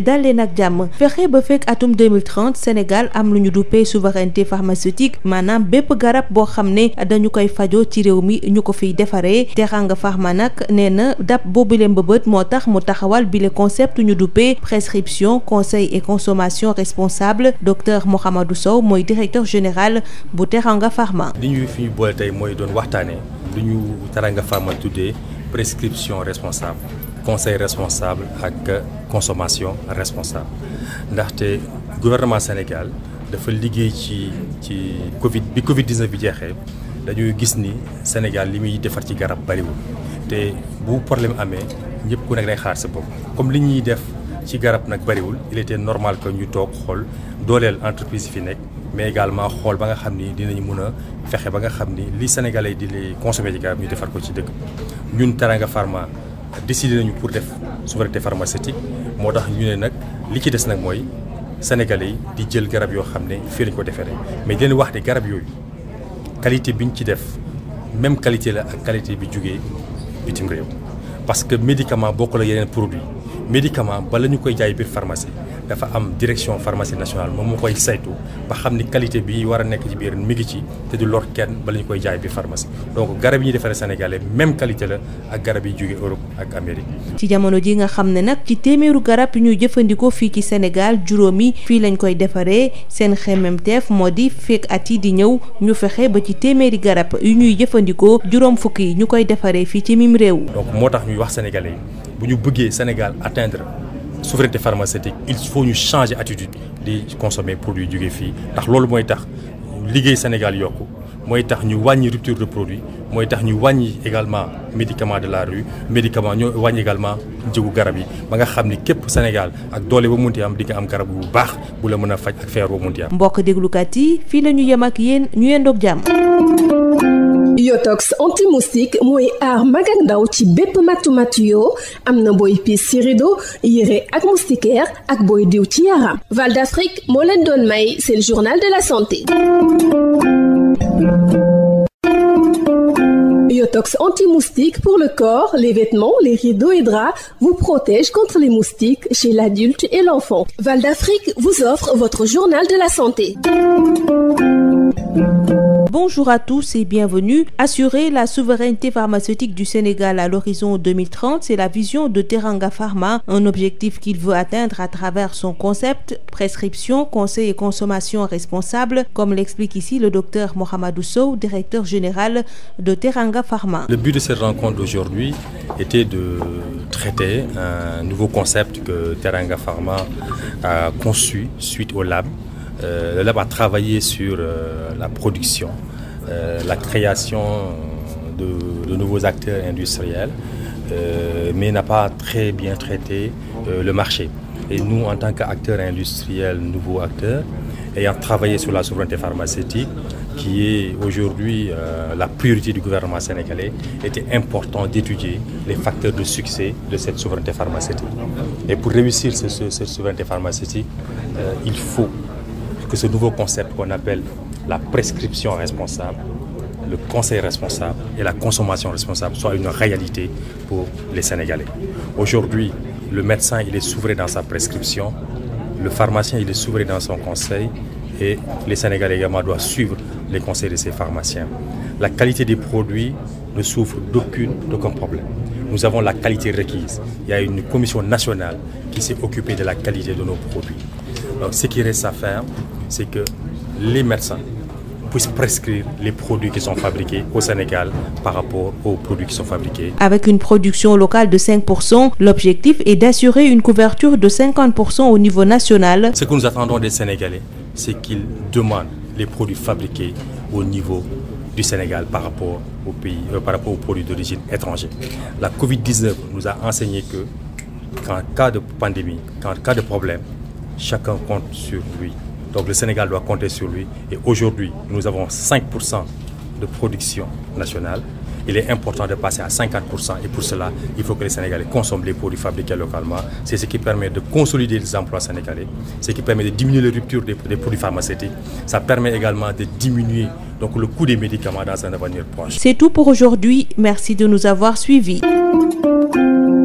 dal leen ak jàmm fexe ba fekk atum 2030 Sénégal am lu ñu duppee souveraineté pharmaceutique maanaam bépp garab boo xam ne dañu koy fajoo ci réew mi ñu ko fiy defaree Teranga Pharma nag nee na dab boobu leen bëbët moo tax mu taxawal bile concept ñu duppee prescription conseil et consommation responsable docteur Mouhamadou Sow mooy directeur général bu Teranga Pharma. li ñuy fi ñu boole tey mooy doon waxtaanee lu ñu Teranga Pharma tuddee prescription responsable conseil responsable ak. consommation responsable ndaxte gouvernement Sénégal dafa liggéey ci ci Covid bi Covid 19 bi jeexee dañuy gis ni Sénégal li muy defar ci garab bariwul te bu problème amee ñëpp ku nekk day xaar sa bopp comme li ñuy def ci garab nag bariwul il était normal que ñu toog xool dooleel entreprise fi nekk mais également xool ba nga xam ni dinañu mën a fexe ba nga xam ni li Sénégalais di lay consommer ci garab ñu defar ko ci dëkk ñun Teranga Pharma décidé nañu pour def souveraineté pharmaceutique moo tax ñu ne nag li ci des nag mooy sénégalais yi di jël garab yoo xam ne fii lañ ko defaree mais di leen wax ne garab yooyu qualité ñu ci def même qualité la ak qualité bi jugee bitim réew parce que médicament bokk la yeneen produit médicament bala ñu koy jaay biir farmasi dafa am direction pharmacie nationale moom mu koy saytu ba xam ni qualité bi wara a nekk ci biir mi ngi ci te du lor kenn ba ñu koy jaay bi pharmacie donc garab yi ñuy defaree sénégalais même qualité la ak garab yi jóge Europe ak Amérique. ci jamono ji nga xam ne nag ci téeméeru garab ñuy jëfandikoo fii ci Sénégal juróomi fii lañ koy defaree seen xemmemteef moo di fekk at yi di ñëw ñu fexe ba ci téeméeri garab yu ñuy jëfandikoo juróom fukk yi ñu koy defaree fii ci mim réew. donc moo tax ñuy wax sénégalais yi ñu bëggee Sénégal souveraineté pharmaceutique il faut ñu changer attitude di consommer produit jóge fii ndax loolu mooy tax liggéey Sénégal yokku mooy tax ñu wàññi rupture de produit mooy tax ñu wàññi également médicament de la rue médicament ñoo wàññi également njëgu garab yi ba nga xam ni képp Sénégal ak doole ba munti am di nga am garab bu baax bu la mën a faj ak feer ba munti am. mbokk déglukat yi fii la yem ak ñu yendoog jàmm. yotox anti-moustique mooy aar mag ak ndaw ci bépp matu-matu yoo am na booy piis ci rido yére ak moustiquaire ak booy diw ci yaram Val d'Afrique moo leen doon may c'est le journal la santé Yotox anti-moustique pour le corps, les vêtements, les rideaux et draps vous les moustiques chez l'adulte et l'enfant. Val d'Afrique vous offre votre journal de la santé. Bonjour à tous et bienvenue. Assurer la souveraineté pharmaceutique du Sénégal à l'horizon c'est la vision de Teranga Pharma, un objectif qu'il veut atteindre à travers son concept prescription, conseil et consommation responsable, comme l'explique ici le docteur Mohamedou Sow, directeur général de Teranga Pharma. Le but de cette rencontre d'aujourd'hui était de traiter un nouveau concept que Teranga Pharma a conçu suite au lab Euh, le lab a travaillé sur euh, la production, euh, la création de, de, nouveaux acteurs industriels, mais n'a pas très bien traité le marché. Et nous, en tant qu'acteurs industriels, nouveaux acteurs, ayant travaillé sur la souveraineté pharmaceutique, qui est aujourd'hui la priorité du gouvernement sénégalais, était important d'étudier les facteurs de succès de cette souveraineté pharmaceutique. Et pour réussir cette, souveraineté pharmaceutique, il faut que ce nouveau concept qu'on appelle la prescription responsable, le conseil responsable et la consommation responsable soient une réalité pour les Sénégalais. Aujourd'hui, le médecin, il est souverain dans sa prescription, le pharmacien, il est souverain dans son conseil et les Sénégalais également doivent suivre les conseils de ces pharmaciens. La qualité des produits ne souffre d'aucune, d'aucun problème. Nous avons la qualité requise. Il y a une commission nationale Donc ce qui reste à faire, c'est que les médecins puissent prescrire les produits qui sont fabriqués au Sénégal par production locale de 5%, l'objectif est d'assurer une de 50% au niveau national. Ce que nous attendons des Sénégalais, c'est au niveau du par rapport aux pays, euh, par rapport aux produits d'origine étrangère. La Covid-19 nous problème, chacun compte sur lui. Donc le Sénégal doit compter sur lui. Et aujourd'hui, nous avons de production nationale. Il est important de passer à et pour cela, il faut que les Sénégalais consomment les produits fabriqués localement. C'est ce qui permet de consolider les emplois sénégalais, ce qui permet de diminuer les ruptures des, produits pharmaceutiques. Ça permet également de diminuer le coût des médicaments dans un avenir proche. C'est tout pour aujourd'hui.